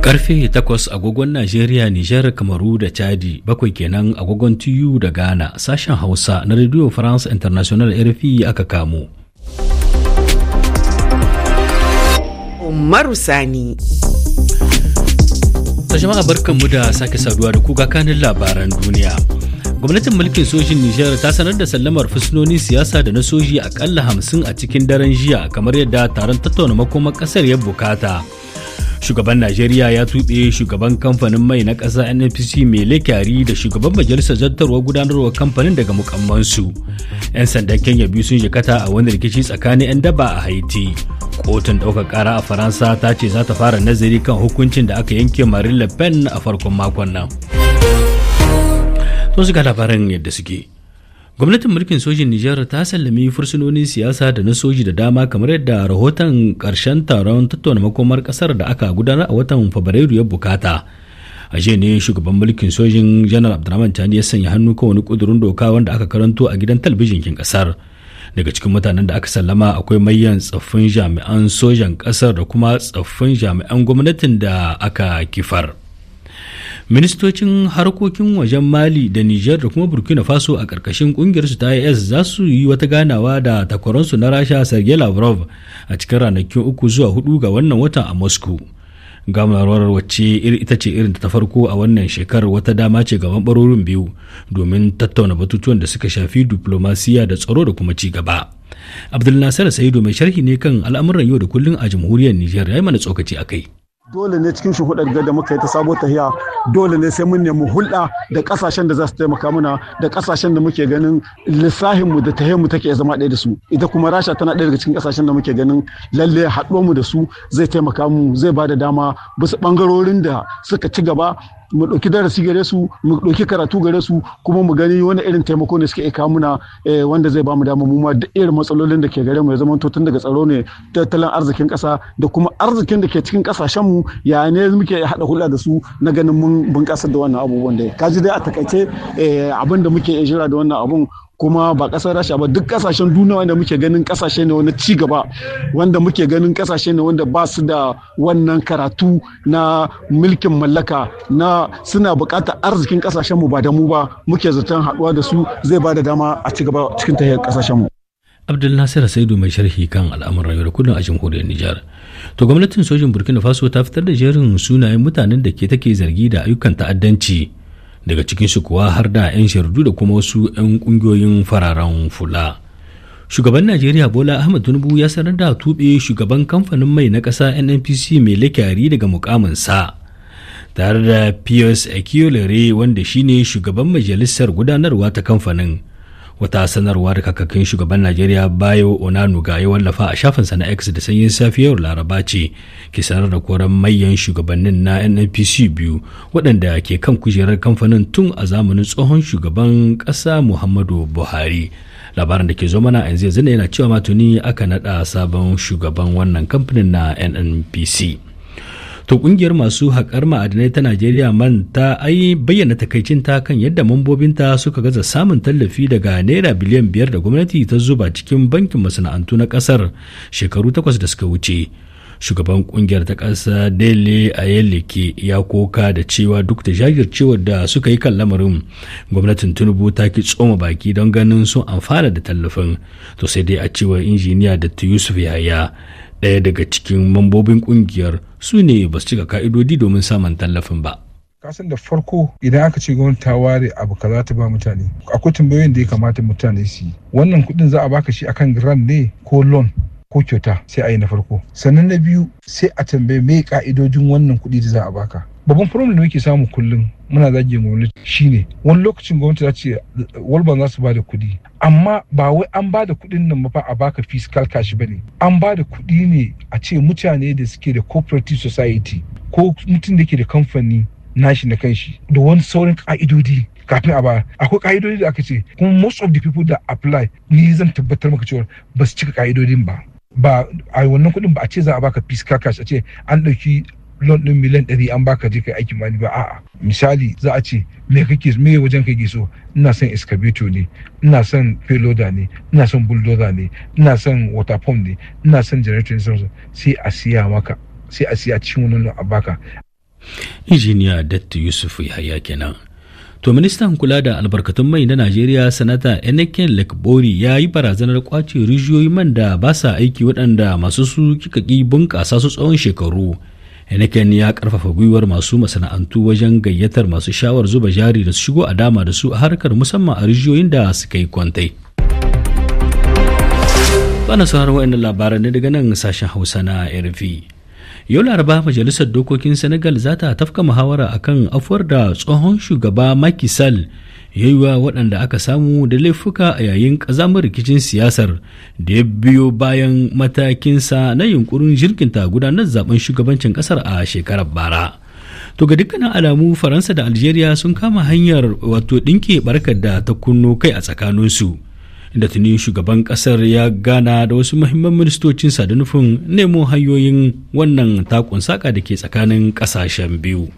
Karfe takwas agogon Najeriya, Nijar, Kamaru da Chadi, bakwai kenan agogon Tuyu da Ghana, sashen Hausa na Radio France International RFI aka kamo. Umaru Sani. Ta jama'a mu da sake saduwa da kuka kanin labaran duniya. Gwamnatin mulkin sojin Nijar ta sanar da sallamar fusnoni siyasa da na soji akalla hamsin a cikin daren jiya kamar yadda taron tattauna makoman kasar ya bukata. shugaban najeriya ya tuɓe shugaban kamfanin mai na ƙasa nnpc mai lekari da shugaban majalisar zartarwa gudanarwar kamfanin daga mukammansu 'yan sandan kenya biyu sun jikata a wani rikici tsakanin 'yan daba a haiti kotun ɗaukar ƙara a faransa ta ce za ta fara nazari kan hukuncin da aka yanke marine le pen a farkon makon nan sun suka labaran yadda suke gwamnatin mulkin sojin nijar ta sallami fursunonin siyasa da na soji da dama kamar yadda rahoton karshen taron tattauna makomar kasar da aka gudanar a watan fabrairu ya bukata a jiya ne shugaban mulkin sojin janar abdulrahman tani ya sanya hannu kan wani kudurin doka wanda aka karanto a gidan talbijin kin kasar daga cikin mutanen da aka sallama akwai mayan tsaffin jami'an sojan kasar da kuma tsaffin jami'an gwamnatin da aka kifar ministocin harkokin wajen mali da niger da kuma burkina faso a ƙarƙashin su ta is za su yi wata ganawa da takwaransu na rasha sergei lavrov a cikin ranakin uku zuwa hudu ga wannan watan a moscow gamarwar wacce ita ce irin ta farko a wannan shekarar wata dama ce gaban barorin biyu domin tattauna batutuwan da suka shafi diplomasiya da tsaro da kuma ci gaba abdul nasir saido mai sharhi ne kan al'amuran yau da kullun a jamhuriyar niger ya yi mana tsokaci a kai dole ne cikin shuhudar da muka yi ta sabo tahiya dole ne sai mun nemi hulɗa da ƙasashen da za su taimaka mana da ƙasashen da muke ganin lissahinmu da tahiyarmu take zama ɗaya da su ita kuma rasha tana ɗaya daga cikin ƙasashen da muke ganin lalle haɗuwarmu da su zai taimaka mu zai ba da dama bisa ɓangarorin da suka ci gaba mu ɗauki darasi gare su mu ɗauki karatu gare su kuma mu gani wani irin taimako ne suke ika muna eh, wanda zai ba mu dama mu ma duk irin matsalolin da ke gare mu ya zama tun daga tsaro ne tattalin arzikin ƙasa da kuma arzikin da ke cikin ƙasashen mu ya ne muke haɗa hulɗa da su na ganin mun bunƙasar da wannan abubuwan da ya kaji dai a takaice eh, abin da muke jira da wannan abun kuma ba kasar rasha ba duk kasashen duniya wanda muke ganin kasashe ne wani ci gaba wanda muke ganin kasashe ne wanda ba su da wannan karatu na mulkin mallaka na suna bukatar arzikin kasashen mu ba da mu ba muke zaton haduwa da su zai ba da dama a ci gaba cikin tahiyar kasashen mu Nasir saidu mai sharhi kan al'amuran rayuwar kullum a jamhuriyar nijar to gwamnatin sojin burkina faso ta fitar da jerin sunayen mutanen da ke take zargi da ayyukan ta'addanci daga cikinsu kuwa har da 'yan shirdu da kuma wasu 'yan kungiyoyin fararen fula shugaban najeriya bola Ahmad tinubu ya sanar da tuɓe shugaban kamfanin mai na ƙasa nnpc mai lakari daga mukaminsa tare da pius akiolere wanda shine shugaban majalisar gudanarwa ta kamfanin wata sanarwa da kakakin shugaban najeriya bayo onanuga ya wallafa a shafinsa na x da sanyin safiyar laraba ce ke sanar da koran mayan shugabannin na nnpc biyu waɗanda ke kan kujerar kamfanin tun a zamanin tsohon shugaban ƙasa muhammadu buhari labaran da ke zo mana yanzu yanzu yana cewa matuni aka naɗa sabon shugaban wannan kamfanin na nnpc To kungiyar masu haƙar ma'adinai ta Najeriya man ta ai bayyana takaicinta kan yadda mambobinta suka gaza samun tallafi daga naira biliyan biyar da gwamnati ta zuba cikin bankin masana'antu na ƙasar shekaru takwas da suka wuce. Shugaban kungiyar ta ƙasa Dele Ayeleke ya koka da cewa duk da jajircewar da suka yi kan lamarin gwamnatin Tinubu ta ki tsoma baki don ganin sun amfana da tallafin. To sai dai a cewar injiniya da Yusuf Yahaya ɗaya daga cikin mambobin ƙungiyar su ne ba su cika ka'idodi domin samun tallafin ba kasan da farko idan aka ce gwamnati ta ware abu kaza ta ba mutane akwai tambayoyin da ya kamata mutane su yi wannan kuɗin za a baka shi akan Grand ne ko loan ko kyauta sai a yi na farko sannan na biyu sai a tambaye mai ka'idojin wannan kuɗi da za a baka babban problem da muke samu kullum muna zage gwamnati shine wani lokacin gwamnati za ce walban za su ba da kuɗi amma ba wai an ba da kuɗin nan ba a baka fiscal cash ne. an ba da kuɗi ne a ce mutane da suke da cooperative society ko mutum da ke da kamfani nashi na kanshi da wani saurin ka'idodi kafin a ba akwai ka'idodi da aka ce kuma most of the people that apply ni zan tabbatar maka cewa ba su cika ka'idodin ba ba a wannan kuɗin ba a ce za a baka fiscal cash a ce an ɗauki plot din miliyan ɗari an baka je kai aikin mali ba a'a misali za a ce me kake me wajen kake so ina son excavator ne ina son payloader ne ina son bulldozer ne ina son water pump ne ina son generator ne sai a siya maka sai a siya cikin wannan a baka injiniya datti yusuf yahaya kenan to ministan kula da albarkatun mai na najeriya sanata eneke lekbori ya yi barazanar kwace rijiyoyi man da ba sa aiki waɗanda masu su kika ƙi bunƙasa su tsawon shekaru henneken ya karfafa gwiwar masu masana'antu wajen gayyatar masu shawar zuba jari da su shigo a dama da su a harkar musamman a rijiyoyin da suka yi kwantai. Bana sauran wa'annan labaran daga nan sashen Hausa na rv yau laraba majalisar dokokin senegal za ta tafka muhawara akan afuwar da tsohon shugaba makisal yayuwa waɗanda aka samu da laifuka a yayin ƙazamar rikicin siyasar da ya biyo bayan matakinsa na yunkurin jirginta gudanar zaben shugabancin ƙasar a shekarar bara to ga dukkanin alamu faransa da algeria sun kama hanyar wato ɗinke barkar da ta kunno kai a tsakaninsu da tuni shugaban ƙasar ya gana da wasu muhimman ministocin da nufin nemo hanyoyin wannan takun saƙa da ke tsakanin ƙasashen biyu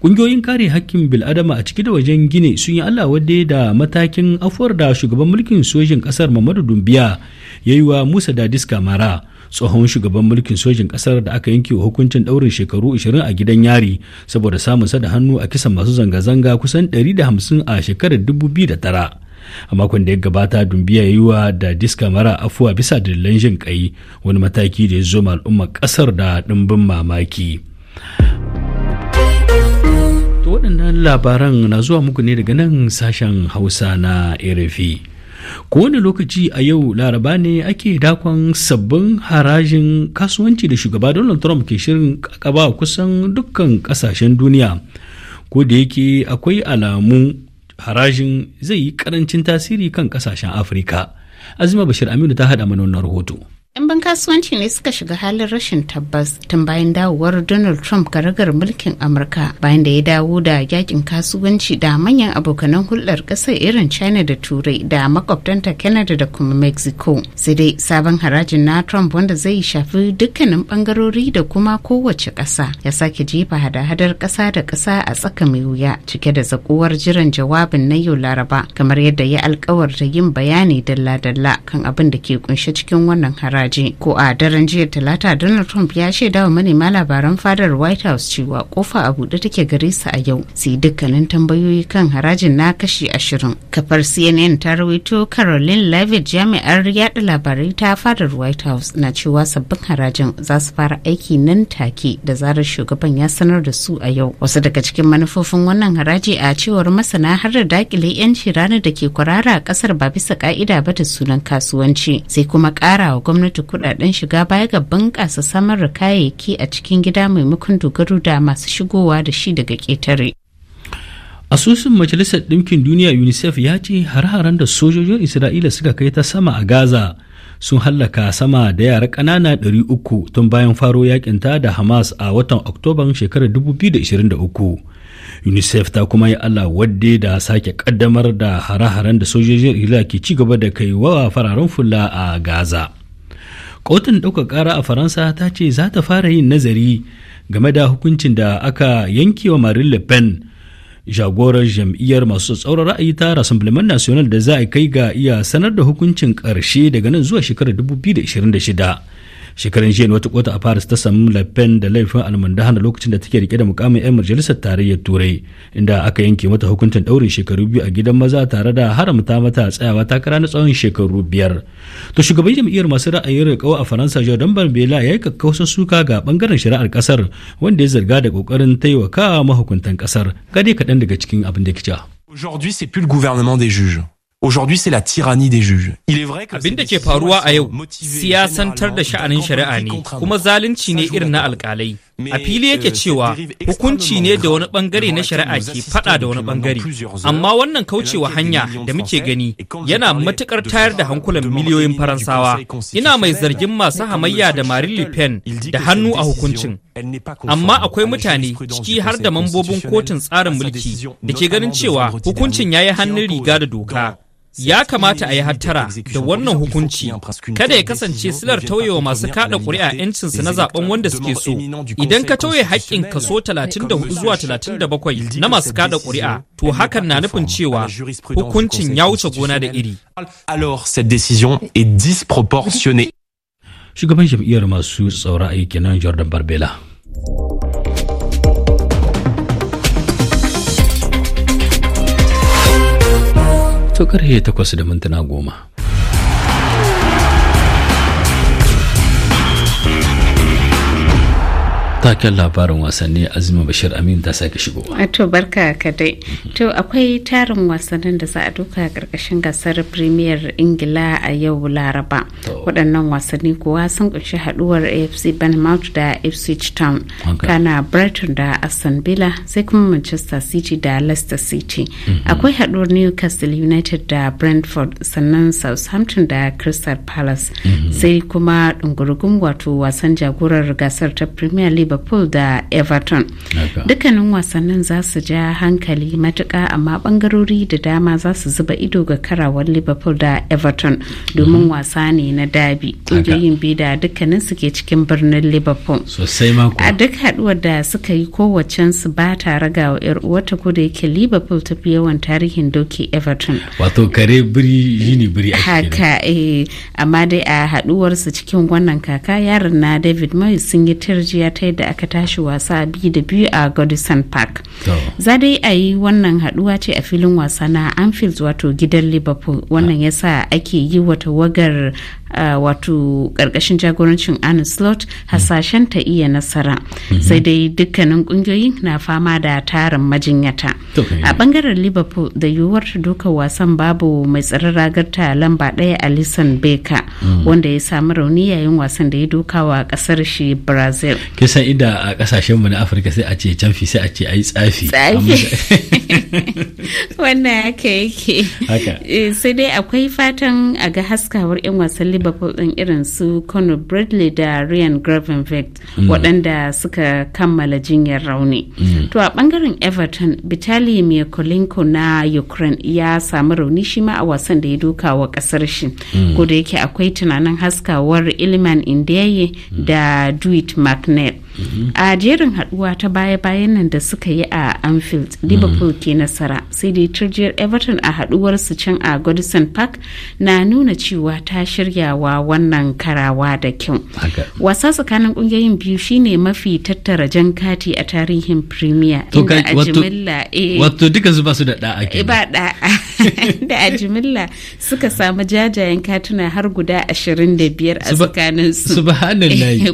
Ƙungiyoyin kare hakkin bil'adama a ciki da wajen Gine sun yi Allah wadda da matakin afuwar da shugaban mulkin sojin kasar Mamadu Dumbiya ya yi wa Musa Dadis Kamara. tsohon shugaban mulkin sojin kasar da aka yanke wa hukuncin daurin shekaru 20 a gidan yari saboda samun da hannu a kisan masu zanga-zanga kusan 150 a shekarar 2009 a makon da ya gabata dumbiya yi wa da diska mara afuwa bisa dalilan jin kai wani mataki da ya zo al'ummar kasar da ɗimbin mamaki waɗannan labaran na zuwa muku ne daga nan sashen hausa na rfi wani lokaci a yau laraba ne ake dakon sabbin harajin kasuwanci da shugaba donald trump ke shirin kakaba kusan dukkan kasashen duniya ko da yake akwai alamu harajin zai yi karancin tasiri kan kasashen afirka azima bashir aminu ta hada mana wannan rahoto 'yan ban kasuwanci ne suka shiga halin rashin tabbas tun bayan dawowar donald trump karagar mulkin amurka bayan da ya dawo da yakin kasuwanci da manyan abokanan hulɗar ƙasar irin china da turai da makwabtanta canada da kuma mexico sai dai sabon harajin na trump wanda zai shafi dukkanin bangarori da kuma kowace ƙasa ya sake jefa hada-hadar ƙasa da ƙasa a tsaka mai wuya cike da zakuwar jiran jawabin na yau laraba kamar yadda ya alkawarta yin bayani dalla-dalla kan abin da ke kunshe cikin wannan haraji waje ko a daren jiya talata donald trump ya shaida wa manema labaran fadar white house cewa kofa a buɗe take gare su a yau su dukkanin tambayoyi kan harajin na kashi ashirin kafar cnn ta rawaito caroline levitt jami'ar yada labarai ta fadar white house na cewa sabbin harajin za su fara aiki nan take da zarar shugaban ya sanar da su a yau wasu daga cikin manufofin wannan haraji a cewar masana har da dakile 'yanci ranar da ke kwarara a kasar ba bisa ka'ida ba da sunan kasuwanci sai kuma ƙara wa gwamnati da kudaden shiga baya ga bunƙasa samar da kayayyaki a cikin gida maimakon dogaro da masu shigowa da shi daga ketare. asusun majalisar ɗinkin duniya unicef ya ce har-haren da sojojin isra'ila suka kai ta sama a gaza sun hallaka sama da yara ƙanana 300 tun bayan faro yakin ta da hamas a watan oktoban shekarar 2023 unicef ta kuma yi allah wadde da sake kaddamar da hare-haren da sojojin isra'ila ke ci gaba da kai wa fararen fula a gaza kotun ɗaukar ƙara a faransa ta ce za ta fara yin nazari game da hukuncin da aka yanke wa marine le pen jagorar jam'iyyar masu tsauran ra'ayi ta rassemblement national da za a kai ga iya sanar da hukuncin ƙarshe daga nan zuwa shekarar 2026 shekaran jiya wata kota a paris ta samu le da laifin almundahana lokacin da take rike da mukamin yan majalisar tarayyar turai inda aka yanke mata hukuncin daurin shekaru biyu a gidan maza tare da haramta mata tsayawa takara na tsawon shekaru biyar to shugaban jam'iyyar masu ra'ayin riƙau a faransa jordan barbela ya yi kakkausan suka ga bangaren shari'ar kasar wanda ya zarga da kokarin taimaka mahukuntan kasar gade kaɗan daga cikin abin da kica Aujourd'hui, c'est plus le gouvernement des juges. Aujourd'hui, c'est la tyrannie des juges. Abin da ke faruwa a yau siyasantar da sha'anin shari'a ne kuma zalunci ne irin na alkalai. A fili euh, yake cewa hukunci ne da wani bangare na shari'a ke fada da wani bangare. Amma wannan kaucewa hanya da muke gani yana matukar tayar da hankulan miliyoyin Faransawa. Ina mai zargin masu hamayya da Marine Le Pen da hannu a hukuncin. Amma akwai mutane ciki har da mambobin kotun tsarin mulki da ke ganin cewa hukuncin ya yi hannun riga da doka. ya kamata a yi hattara da wannan hukunci kada ya kasance silar tauyewa masu kada kuri'a yancinsu na zaben wanda suke so idan ka tauye haƙƙin kaso 34 zuwa 37 na masu kada kuri'a to hakan na nufin cewa hukuncin ya wuce gona da iri shugaban jam'iyyar masu tsaura aiki jordan barbela to karhe takwas da mintuna goma taken labarin wasanni azumi bashir amin ta sake shigowa to barka ka dai to akwai tarin wasannin da za a duka a karkashin gasar premier ingila a yau laraba waɗannan wasanni kuwa sun kunshi haduwar afc bournemouth da ipswich town kana brighton da aston villa sai kuma manchester city da leicester city mhm. akwai haduwar newcastle united da brentford sannan southampton da crystal palace mhm. sai kuma ɗungurgun wato wasan jagorar gasar ta premier league liverpool da everton dukkanin wasannin za su ja hankali matuka amma bangarori da dama za su zuba ido ga karawar liverpool da everton domin mhm. wasa ne na dabi yin biyu da dukkanin su ke cikin birnin liverpool a duk haduwar da suka yi kowacen su ba ta wa yar uwarta ko da yake liverpool ta fi yawan tarihin doki everton wato kare biri yini biri haka eh amma dai a haduwar su cikin wannan kaka yaron na david moyes sun yi tirjiya ta da aka tashi wasa biyu da biyu a Godison Park. Za dai a yi wannan haduwa ce a filin wasa na Anfield wato gidan Liverpool. Wannan ya sa ake yi wa tawagar wato karkashin jagorancin Anne Slot hasashen ta iya nasara mhm. sai dai dukkanin kungiyoyin na fama da tarin majinyata a bangaren Liverpool da yiwuwar duka wasan babu mai tsaron ragar ta lamba ɗaya Alisson Becker mm. wanda ya samu rauni yayin wasan da ya doka wa kasar shi Brazil kisan ida a kasashen mu na Afirka sai a ce canfi sai a ce yi tsafi wannan aka yake eh, sai dai akwai fatan a ga haskawar 'yan wasan liverpool din irin su conor bradley da ryan gravenvict hmm. waɗanda suka kammala jinyar rauni hmm. to a ɓangaren everton bitali mikolinko na ukraine ya samu rauni shi ma a wasan da ya doka wa ƙasar shi hmm. ko da yake akwai tunanin haskawar ilman indiyaye da duit mcnair a jerin haduwa ta baya-bayan nan da suka yi a anfield liverpool ke nasara sai dai turjiyar everton a haduwar su can a godison park na nuna cewa ta shiryawa wannan karawa da kyau wasa tsakanin kungiyoyin biyu shine mafi tattara jan kati a tarihin premier inda a jimilla eh, wato duka su ba su da ba da'a da a jimilla suka samu jajayen katuna har guda 25 a tsakaninsu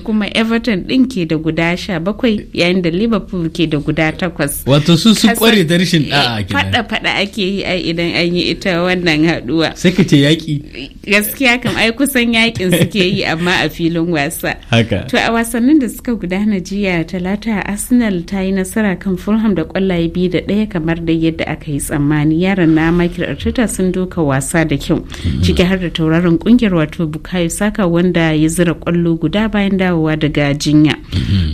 kuma everton din ke da guda 17 yayin da liverpool ke da guda 8 wato su su kware da rashin da'a eh, kenan fada fada ake yi ai idan an yi ita wannan haduwa sai ka ce yaki gaskiya kam ai kusan yakin suke yi amma a filin wasa haka to a wasannin da suka gudana jiya talata arsenal ta yi nasara kan fulham da kwallaye biyu da ɗaya kamar da yadda aka yi tsammani yaran na Mikel Arteta sun doka wasa da kyau ciki har da tauraron kungiyar wato Bukayo Saka wanda ya zira kwallo guda bayan dawowa daga jinya.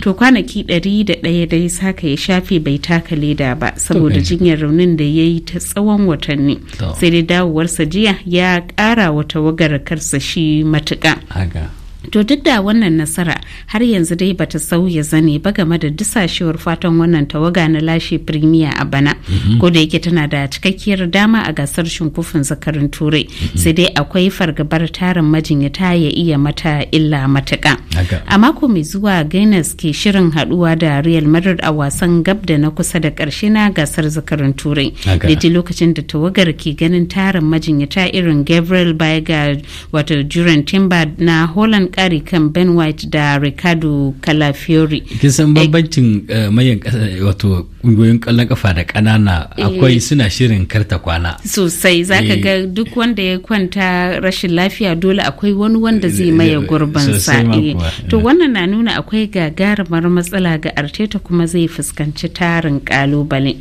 To kwanaki ɗari da ɗaya dai Saka ya shafe bai taka leda ba saboda eh. jinyar raunin da ya yi ta tsawon watanni. Sai dai dawowarsa jiya ya ƙara wata wagar shi matuƙa. to duk da wannan nasara har yanzu dai bata sauya zane ba game da dusashewar fatan wannan tawaga na lashe firimiya a bana mhm. ko da yake tana da cikakkiyar dama a gasar shinkufin zakarin turai mhm. sai dai akwai fargabar tarin majinyata ya iya mata illa matuka a mako mai zuwa gainas ke shirin haduwa da real madrid a wasan gab da na kusa da karshe na gasar zakarin turai daidai lokacin da tawagar ke ganin tarin majinyata irin gabriel baiga wato juran timber na holland kare kan ben white da ricardo calafiori kin san eh, bambancin eh, mayan wato kungiyoyin kallon kafa da ƙanana. Eh. akwai suna shirin karta kwana sosai za ka ga duk wanda ya kwanta rashin lafiya dole akwai wani wanda zai maye gurbin sa to wannan na nuna akwai gagarumar matsala ga arteta kuma zai fuskanci tarin kalubale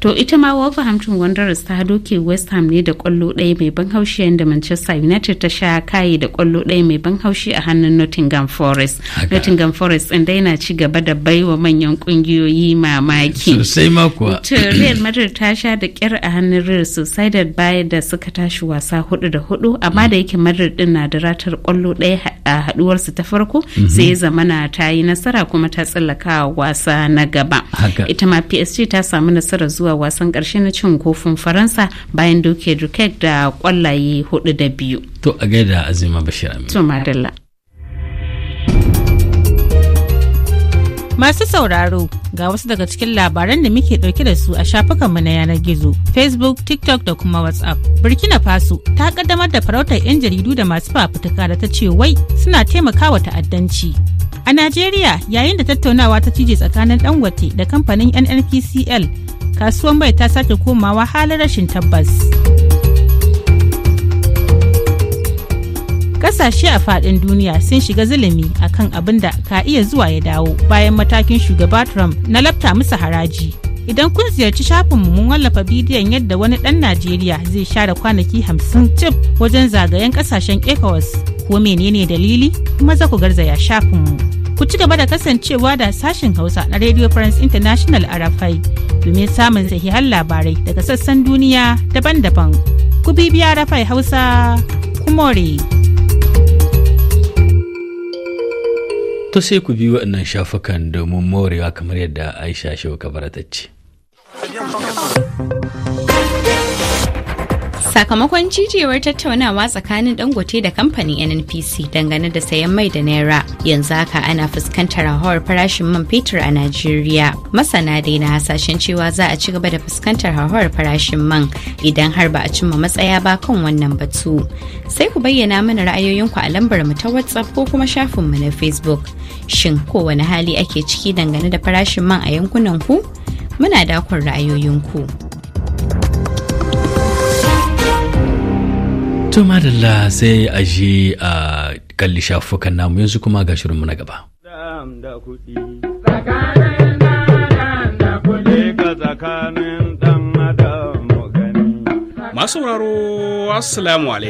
to ita ma wolverhampton wanderers ta doke west ham ne da kwallo ɗaya mai ban haushi da manchester united ta sha kayi da kwallo ɗaya mai ban haushi a hannun birnin nottingham forest nottingham forest ɗin dai ci gaba da baiwa manyan kungiyoyi mamaki sosai ma kuwa real madrid ta sha da kyar a hannun real sociedad bayan da suka tashi wasa hudu da hudu amma da yake madrid din na da ratar kwallo ɗaya a haɗuwarsu ta farko mhm. sai zamana ta yi nasara kuma ta tsallaka wasa na gaba ita ma psg ta samu nasara zuwa wasan karshe na cin kofin faransa bayan doke dukek da kwallaye hudu da biyu to a gaida azima bashir amin to madalla Masu sauraro ga wasu daga cikin labaran da muke ɗauke da su a shafukanmu na yanar gizo, Facebook, TikTok da kuma WhatsApp. Burkina Faso ta ƙaddamar da farautar 'yan jaridu da masu fafutuka da ta ce wai suna taimakawa ta'addanci. A Najeriya yayin da tattaunawa ta cije tsakanin Dangote da kamfanin NNPCL, kasuwan bai ta sake komawa halin rashin tabbas. kasashe a faɗin duniya sun shiga zulumi akan abin da ka iya zuwa ya dawo bayan matakin shugaba trump na lafta musu haraji idan kun ziyarci shafinmu mun wallafa bidiyon yadda wani ɗan najeriya zai share kwanaki hamsin cif wajen zagayen ƙasashen ecowas ko menene dalili kuma za ku garzaya shafinmu ku ci gaba da kasancewa da sashen hausa na radio france international arafai domin samun sahihan labarai daga sassan duniya daban-daban ku bibiya rafai hausa kumore. more To sai ku biyu waɗannan shafukan domin morewa kamar yadda Aisha Shehu Kabara ta ce. sakamakon jijewar tattaunawa tsakanin dangote da kamfanin nnpc dangane da sayan mai da naira yanzu haka ana fuskantar hauhawar farashin man fetur a najeriya masana dai na hasashen cewa za a ci gaba da fuskantar hauhawar farashin man idan har ba a cimma matsaya ba kan wannan batu sai ku bayyana mana ra'ayoyinku a lambar mu ta whatsapp ko kuma shafinmu na facebook shin ko kowane hali ake ciki dangane da farashin man a yankunan ku muna dakon ra'ayoyinku. ku To madalla sai a je a kalli shafukan namu yanzu kuma ga shirinmu na gaba. Masu wuraro, Assalamu alaikum.